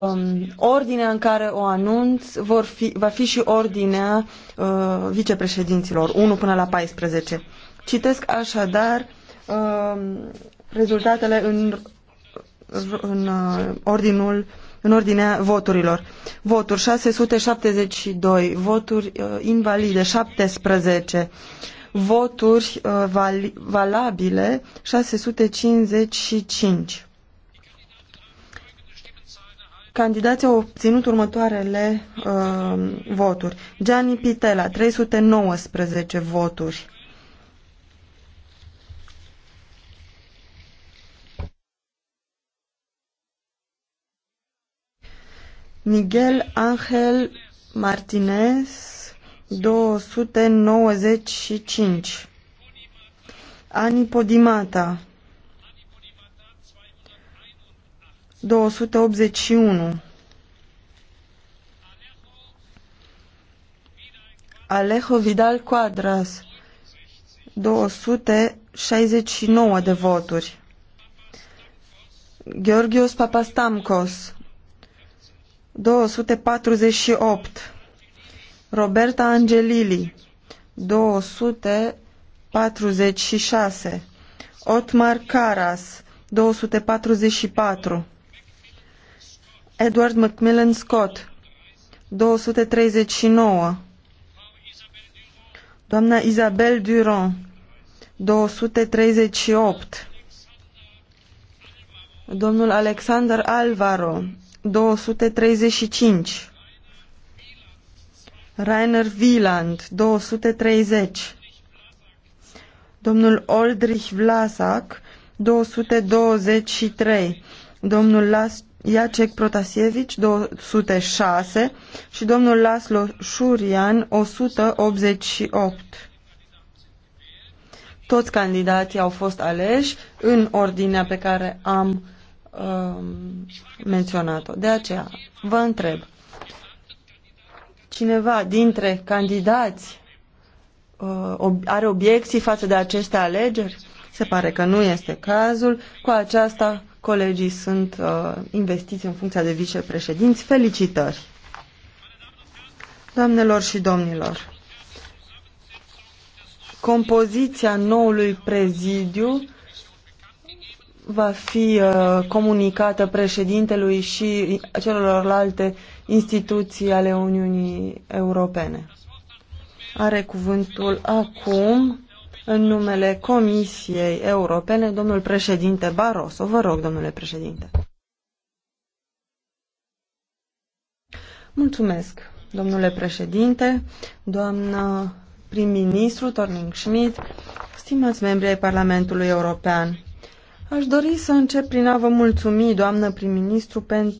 um, ordinea în care o anunț vor fi, va fi și ordinea uh, vicepreședinților, 1 până la 14. Citesc așadar uh, rezultatele în, în uh, ordinul în ordinea voturilor. Voturi 672, voturi uh, invalide 17, voturi uh, val valabile 655. Candidații au obținut următoarele uh, voturi. Gianni Pitela, 319 voturi. Miguel Angel Martinez, 295. Ani Podimata, 281. Alejo Vidal Quadras 269 de voturi Georgios Papastamkos 248 Roberta Angelili 246 Otmar Caras 244 Edward Macmillan Scott 239 Doamna Isabel Durand 238 Domnul Alexander Alvaro 235 Rainer Wieland 230 Domnul Oldrich Vlasak, 223 domnul Las Iacek Protasievici 206 și domnul Laslo Șurian 188. Toți candidații au fost aleși în ordinea pe care am uh, menționat-o. De aceea vă întreb, cineva dintre candidați uh, are obiecții față de aceste alegeri? Se pare că nu este cazul. Cu aceasta Colegii sunt uh, investiți în funcția de vicepreședinți. Felicitări! Doamnelor și domnilor, compoziția noului prezidiu va fi uh, comunicată președintelui și celorlalte instituții ale Uniunii Europene. Are cuvântul acum în numele Comisiei Europene, domnul președinte Barroso. Vă rog, domnule președinte. Mulțumesc, domnule președinte, doamnă prim-ministru Torning Schmidt, stimați membri ai Parlamentului European. Aș dori să încep prin a vă mulțumi, doamnă prim-ministru, pentru